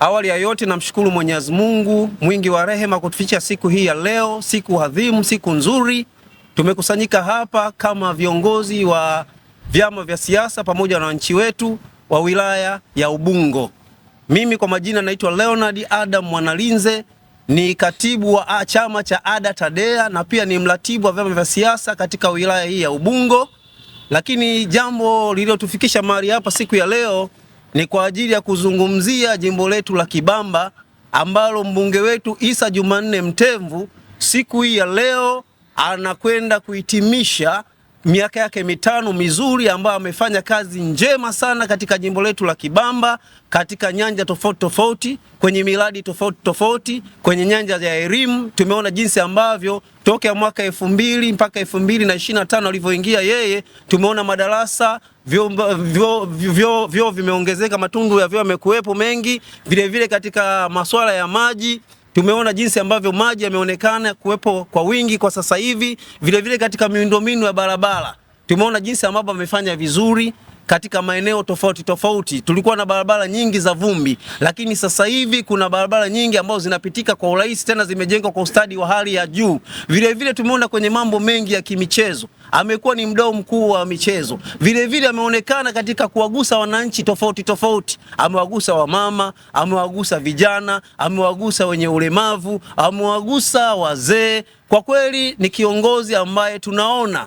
Awali ya yote namshukuru Mwenyezi Mungu mwingi wa rehema kutuficha siku hii ya leo, siku adhimu, siku nzuri. Tumekusanyika hapa kama viongozi wa vyama vya siasa pamoja na wananchi wetu wa wilaya ya Ubungo. Mimi kwa majina naitwa Leonard Adam Mwanalinze, ni katibu wa chama cha ADA Tadea na pia ni mratibu wa vyama vya siasa katika wilaya hii ya Ubungo. Lakini jambo lililotufikisha mahali hapa siku ya leo ni kwa ajili ya kuzungumzia jimbo letu la Kibamba ambalo mbunge wetu Isa Jumanne Mtemvu siku hii ya leo anakwenda kuhitimisha miaka yake mitano mizuri ambayo amefanya kazi njema sana katika jimbo letu la Kibamba katika nyanja tofauti tofauti, kwenye miradi tofauti tofauti, kwenye nyanja ya elimu. Tumeona jinsi ambavyo ya mwaka elfu mbili mpaka elfu mbili na ishirini na tano alivyoingia yeye, tumeona madarasa vyoo vimeongezeka, matundu ya vyoo yamekuwepo mengi, vilevile vile katika masuala ya maji Tumeona jinsi ambavyo maji yameonekana kuwepo kwa wingi kwa sasa hivi, vilevile katika miundombinu ya barabara tumeona jinsi ambavyo amefanya vizuri katika maeneo tofauti tofauti. Tulikuwa na barabara nyingi za vumbi, lakini sasa hivi kuna barabara nyingi ambazo zinapitika kwa urahisi, tena zimejengwa kwa ustadi wa hali ya juu. Vilevile tumeona kwenye mambo mengi ya kimichezo amekuwa ni mdau mkuu wa michezo. Vilevile ameonekana katika kuwagusa wananchi tofauti tofauti, amewagusa wamama, amewagusa vijana, amewagusa wenye ulemavu, amewagusa wazee. Kwa kweli ni kiongozi ambaye tunaona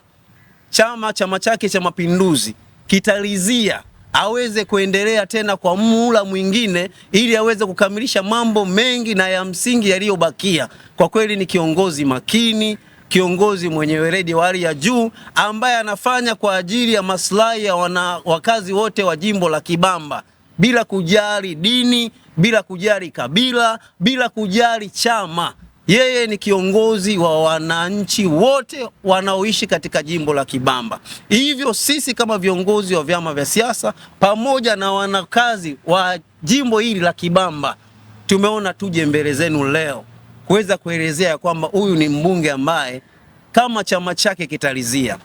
chama chama chake cha Mapinduzi kitalizia aweze kuendelea tena kwa muhula mwingine ili aweze kukamilisha mambo mengi na ya msingi yaliyobakia. Kwa kweli ni kiongozi makini, kiongozi mwenye weledi wa hali ya juu ambaye anafanya kwa ajili ya maslahi ya wana, wakazi wote wa jimbo la Kibamba bila kujali dini, bila kujali kabila, bila kujali chama. Yeye ni kiongozi wa wananchi wote wanaoishi katika jimbo la Kibamba. Hivyo sisi kama viongozi wa vyama vya siasa pamoja na wanakazi wa jimbo hili la Kibamba tumeona tuje mbele zenu leo kuweza kuelezea kwamba huyu ni mbunge ambaye kama chama chake kitalizia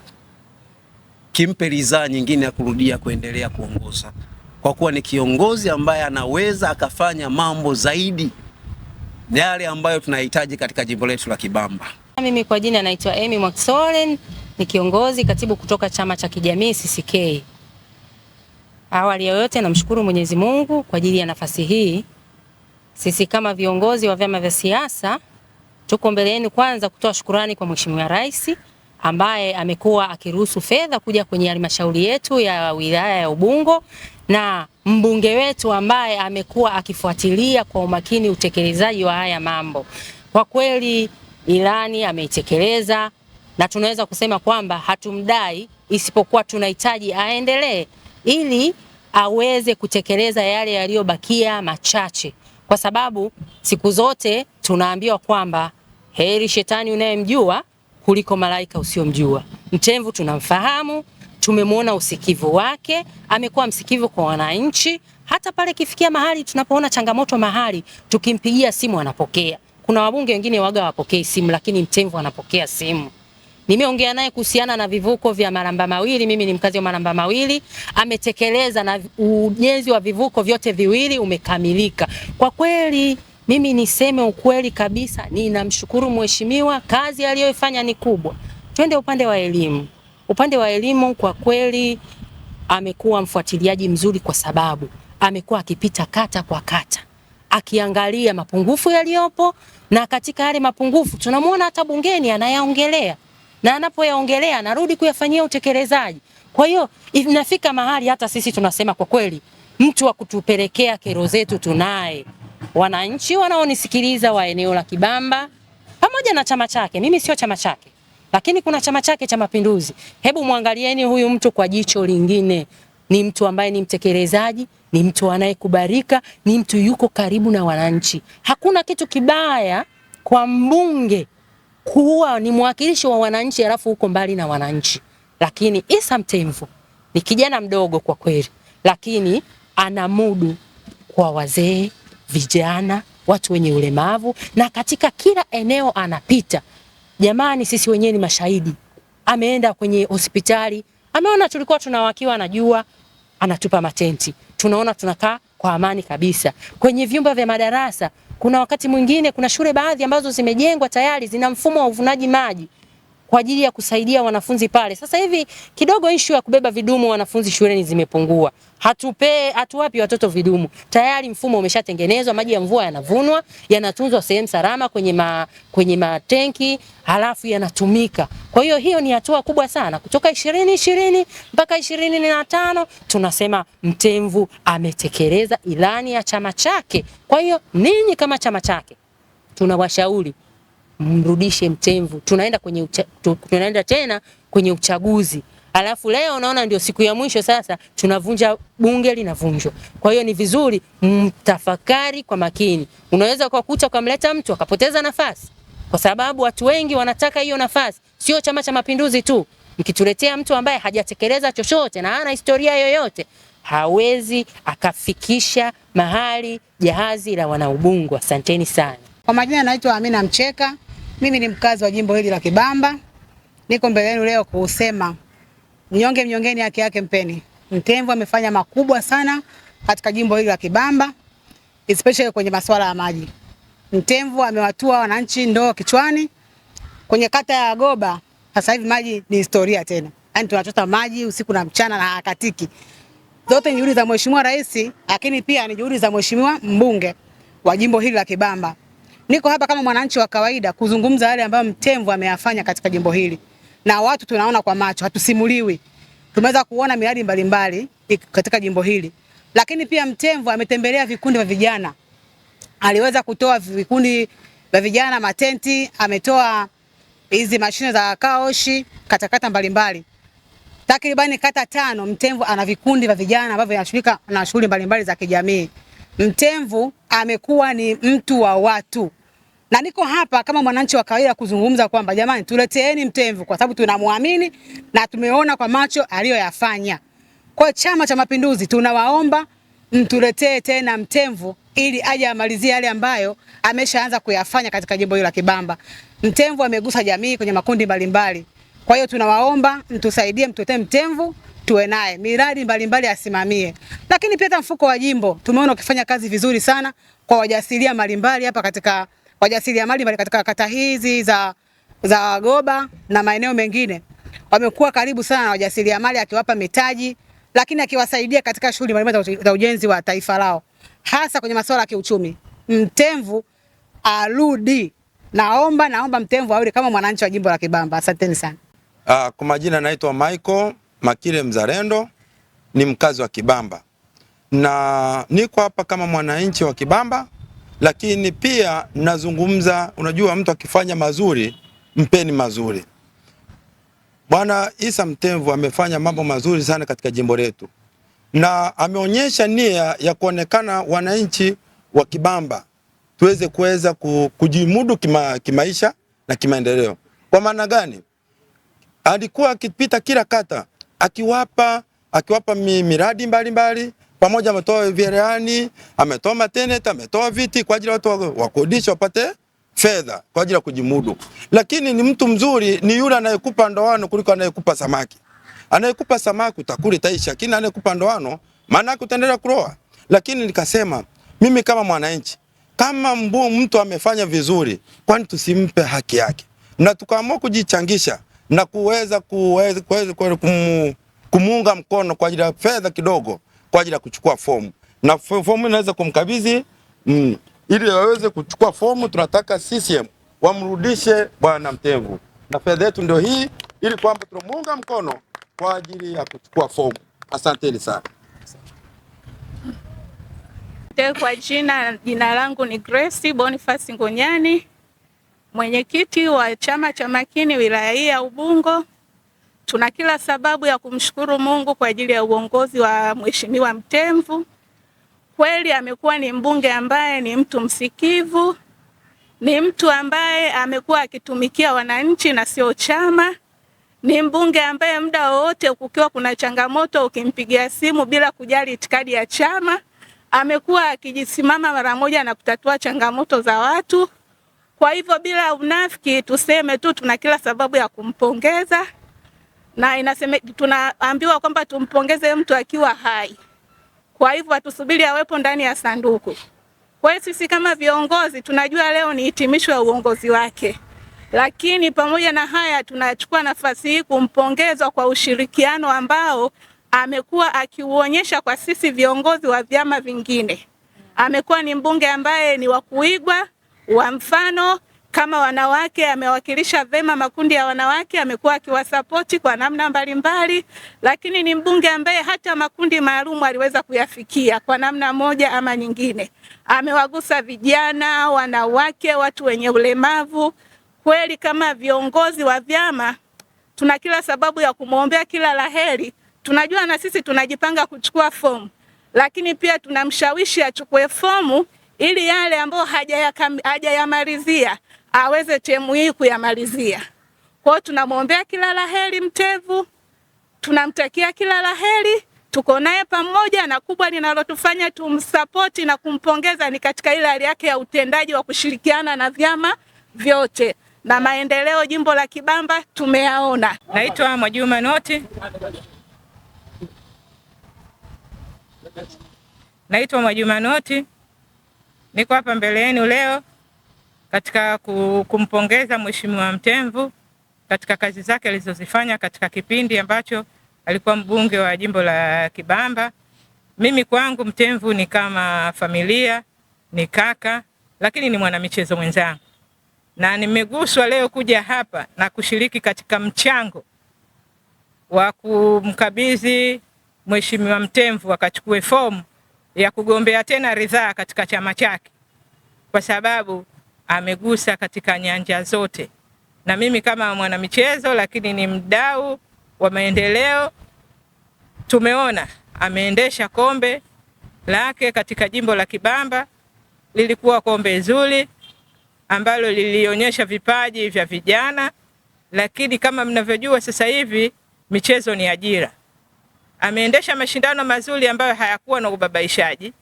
kimpe ridhaa nyingine ya kurudia kuendelea kuongoza, kwa kuwa ni kiongozi ambaye anaweza akafanya mambo zaidi yale ambayo tunahitaji katika jimbo letu la Kibamba. Mimi kwa jina naitwa Emy Mwaksolen, ni kiongozi katibu kutoka chama cha kijamii CCK. Awali ya yote namshukuru Mwenyezi Mungu kwa ajili ya nafasi hii sisi kama viongozi wa vyama vya siasa tuko mbele yenu kwanza kutoa shukurani kwa Mheshimiwa Rais ambaye amekuwa akiruhusu fedha kuja kwenye halmashauri yetu ya wilaya ya Ubungo na mbunge wetu ambaye amekuwa akifuatilia kwa umakini utekelezaji wa haya mambo. Kwa kweli ilani ameitekeleza na tunaweza kusema kwamba hatumdai, isipokuwa tunahitaji aendelee ili aweze kutekeleza yale yaliyobakia machache kwa sababu siku zote tunaambiwa kwamba heri shetani unayemjua kuliko malaika usiomjua Mtemvu tunamfahamu, tumemwona usikivu wake, amekuwa msikivu kwa wananchi. Hata pale kifikia mahali tunapoona changamoto mahali, tukimpigia simu anapokea. Kuna wabunge wengine waga wapokee simu, lakini Mtemvu anapokea simu. Nimeongea naye kuhusiana na vivuko vya Maramba Mawili. Mimi ni mkazi wa Maramba Mawili, ametekeleza na ujenzi wa vivuko vyote viwili umekamilika. Kwa kweli mimi niseme ukweli kabisa, ninamshukuru mheshimiwa, kazi aliyoifanya ni kubwa. Twende upande wa elimu. Upande wa elimu kwa kweli amekuwa mfuatiliaji mzuri, kwa sababu amekuwa akipita kata kwa kata akiangalia mapungufu yaliyopo, na katika yale mapungufu tunamwona hata bungeni anayaongelea na anapoyaongelea anarudi kuyafanyia utekelezaji. Kwa hiyo inafika mahali hata sisi tunasema kwa kweli, mtu wa kutupelekea kero zetu tunaye. Wananchi wanaonisikiliza wa eneo la Kibamba pamoja na chama chake, mimi sio chama chake lakini kuna chama chake cha Mapinduzi. Hebu mwangalieni huyu mtu kwa jicho lingine. Ni mtu ambaye ni mtekelezaji, ni mtu anayekubarika, ni mtu yuko karibu na wananchi. Hakuna kitu kibaya kwa mbunge kuwa ni mwakilishi wa wananchi, alafu huko mbali na wananchi. Lakini Issa Mtemvu ni kijana mdogo kwa kweli, lakini mudu kwa wazee, vijana, watu wenye ulemavu, na katika kila eneo anapita. Jamani, sisi wenyewe ni mashahidi. Ameenda kwenye hospitali, ameona tulikuwa tunawakiwa, anajua, anatupa matenti, tunaona tunakaa kwa amani kabisa. Kwenye vyumba vya madarasa kuna wakati mwingine kuna shule baadhi ambazo zimejengwa tayari zina mfumo wa uvunaji maji kwa ajili ya kusaidia wanafunzi pale. Sasa hivi kidogo issue ya kubeba vidumu wanafunzi shuleni zimepungua. Hatupe hatuwapi watoto vidumu. Tayari mfumo umeshatengenezwa, maji ya mvua yanavunwa, yanatunzwa sehemu salama kwenye ma, kwenye matenki, halafu yanatumika. Kwa hiyo hiyo ni hatua kubwa sana. Kutoka 2020 mpaka 2025 tunasema Mtemvu ametekeleza ilani ya chama chake. Kwa hiyo ninyi kama chama chake tunawashauri mrudishe Mtemvu, tunaenda kwenye ucha, tunaenda tena kwenye uchaguzi. Alafu leo unaona ndio siku ya mwisho sasa, tunavunja bunge linavunjwa. Kwa hiyo ni vizuri mtafakari kwa makini. Unaweza ukakuta ukamleta mtu akapoteza nafasi, kwa sababu watu wengi wanataka hiyo nafasi, sio Chama cha Mapinduzi tu. Mkituletea mtu ambaye hajatekeleza chochote na hana historia yoyote, hawezi akafikisha mahali jahazi la wanaubungu. Asanteni sana. Kwa majina naitwa Amina Mcheka, mimi ni mkazi wa jimbo hili la Kibamba. Niko mbele yenu leo kusema mnyonge mnyongeni, haki yake mpeni. Mtemvu amefanya makubwa sana katika jimbo hili la Kibamba, especially kwenye masuala ya maji. Mtemvu amewatua wananchi ndoo kichwani. Kwenye kata ya Goba sasa hivi maji ni historia tena, yaani tunachota maji usiku na mchana na hakatiki. Zote ni juhudi za mheshimiwa rais, lakini pia ni juhudi za mheshimiwa mbunge wa jimbo hili la Kibamba niko hapa kama mwananchi wa kawaida kuzungumza yale ambayo Mtemvu ameyafanya katika jimbo hili, na watu tunaona kwa macho, hatusimuliwi. Tumeweza kuona miradi mbalimbali katika jimbo hili, lakini pia Mtemvu ametembelea vikundi vya vijana, aliweza kutoa vikundi vya vijana matenti, ametoa hizi mashine za kaoshi katakata mbalimbali takribani kata tano. Mtemvu ana vikundi vya vijana ambavyo yanashirika na shughuli mbalimbali za kijamii. Mtemvu amekuwa ni mtu wa watu, na niko hapa kama mwananchi wa kawaida kuzungumza kwamba jamani, tuleteeni Mtemvu kwa sababu tunamwamini na tumeona kwa macho aliyoyafanya. Kwa Chama cha Mapinduzi tunawaomba mtuletee tena Mtemvu ili aje amalizie yale ambayo ameshaanza kuyafanya katika jimbo hilo la Kibamba. Mtemvu amegusa jamii kwenye makundi mbalimbali, kwa hiyo tunawaomba mtusaidie, mtuletee Mtemvu tuwe naye, miradi mbalimbali asimamie. Lakini pia hata mfuko wa jimbo tumeona ukifanya kazi vizuri sana kwa wajasiria mbalimbali hapa katika wajasiria mali mbali katika kata hizi za za Goba na maeneo mengine. Wamekuwa karibu sana na wajasiria mali akiwapa mitaji, lakini akiwasaidia katika shughuli mbalimbali za ujenzi wa taifa lao hasa kwenye masuala ya kiuchumi. Mtemvu arudi. Naomba naomba Mtemvu arudi kama mwananchi wa jimbo la Kibamba. Asanteni sana. Uh, kwa majina naitwa Michael Makile Mzalendo, ni mkazi wa Kibamba na niko hapa kama mwananchi wa Kibamba, lakini pia nazungumza. Unajua, mtu akifanya mazuri mpeni mazuri. Bwana Isa Mtemvu amefanya mambo mazuri sana katika jimbo letu na ameonyesha nia ya kuonekana wananchi wa Kibamba tuweze kuweza kujimudu kima, kimaisha na kimaendeleo. Kwa maana gani? Alikuwa akipita kila kata akiwapa akiwapa miradi mbalimbali pamoja, ametoa vyerehani, ametoa mateneti, ametoa viti kwa ajili ya watu wakodisha wapate fedha kwa ajili ya kujimudu. Lakini ni mtu mzuri ni yule anayekupa ndoano kuliko anayekupa samaki. Anayekupa samaki utakula itaisha, lakini anayekupa ndoano maana yake utaendelea kuroa. Lakini nikasema mimi kama mwananchi, kama mbu mtu amefanya vizuri, kwani tusimpe haki yake? Na tukaamua kujichangisha na kuweza kuweza, kuweza, kuweza, kuweza, kuweza, kumuunga mkono kwa ajili ya fedha kidogo kwa ajili ya kuchukua fomu, na fomu inaweza kumkabidhi mm, ili waweze kuchukua fomu. Tunataka CCM wamrudishe bwana Mtemvu, na fedha yetu ndio hii, ili kwamba tunamuunga mkono kwa ajili ya kuchukua fomu. Asanteni sana. Kwa jina jina langu ni Grace Boniface Ngonyani, mwenyekiti wa chama cha Makini wilaya ya Ubungo. Tuna kila sababu ya kumshukuru Mungu kwa ajili ya uongozi wa Mheshimiwa Mtemvu. Kweli amekuwa ni mbunge ambaye ni mtu msikivu, ni mtu ambaye amekuwa akitumikia wananchi na sio chama. Ni mbunge ambaye muda wowote kukiwa kuna changamoto, ukimpigia simu bila kujali itikadi ya chama, amekuwa akijisimama mara moja na kutatua changamoto za watu. Kwa hivyo, bila unafiki tuseme tu tuna kila sababu ya kumpongeza na inaseme, tunaambiwa kwamba tumpongeze mtu akiwa hai. Kwa hivyo hatusubiri awepo ndani ya sanduku. Kwa hiyo sisi kama viongozi tunajua leo ni hitimisho ya uongozi wake, lakini pamoja na haya tunachukua nafasi hii kumpongezwa kwa ushirikiano ambao amekuwa akiuonyesha kwa sisi viongozi wa vyama vingine. Amekuwa ni mbunge ambaye ni wa kuigwa, wa mfano kama wanawake amewakilisha vema makundi ya wanawake, amekuwa akiwasapoti kwa namna mbalimbali mbali, lakini ni mbunge ambaye hata makundi maalum aliweza kuyafikia kwa namna moja ama nyingine. Amewagusa vijana, wanawake, watu wenye ulemavu. Kweli kama viongozi wa vyama tuna kila sababu ya kumwombea kila laheri. Tunajua na sisi tunajipanga kuchukua fomu, lakini pia tunamshawishi achukue fomu ili yale ambayo hajayamalizia aweze temu hii kuyamalizia. Kwa hiyo tunamwombea kila laheri Mtevu, tunamtakia kila laheri, tuko naye pamoja, na kubwa linalotufanya tumsapoti na kumpongeza ni katika ile hali yake ya utendaji wa kushirikiana na vyama vyote na maendeleo jimbo la Kibamba tumeyaona. Naitwa Mwajuma Noti, naitwa Mwajuma Noti, niko hapa mbele yenu leo katika kumpongeza Mheshimiwa Mtemvu katika kazi zake alizozifanya katika kipindi ambacho alikuwa mbunge wa jimbo la Kibamba. Mimi kwangu Mtemvu ni kama familia, ni kaka, lakini ni mwanamichezo mwenzangu, na nimeguswa leo kuja hapa na kushiriki katika mchango wa kumkabidhi Mheshimiwa Mtemvu akachukue fomu ya kugombea tena ridhaa katika chama chake, kwa sababu amegusa katika nyanja zote, na mimi kama mwanamichezo, lakini ni mdau wa maendeleo, tumeona ameendesha kombe lake katika jimbo la Kibamba. Lilikuwa kombe zuri ambalo lilionyesha vipaji vya vijana, lakini kama mnavyojua sasa hivi michezo ni ajira. Ameendesha mashindano mazuri ambayo hayakuwa na ubabaishaji,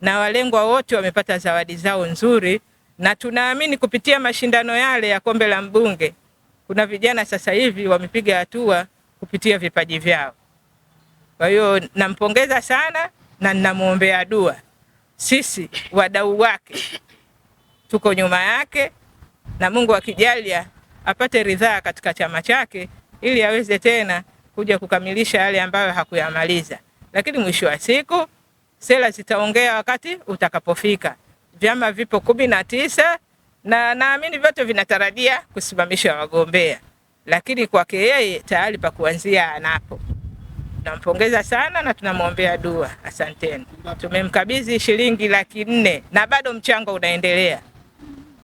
na walengwa wote wamepata zawadi zao nzuri na tunaamini kupitia mashindano yale ya kombe la mbunge kuna vijana sasa hivi wamepiga hatua kupitia vipaji vyao. Kwa hiyo nampongeza sana na ninamwombea dua. Sisi wadau wake tuko nyuma yake, na Mungu akijalia apate ridhaa katika chama chake, ili aweze tena kuja kukamilisha yale ambayo hakuyamaliza. Lakini mwisho wa siku sera zitaongea wakati utakapofika vyama vipo kumi na tisa na naamini vyote vinatarajia kusimamisha wagombea, lakini kwake yeye tayari pa kuanzia anapo. Tunampongeza sana na tunamwombea dua. Asanteni, tumemkabidhi shilingi laki nne na bado mchango unaendelea.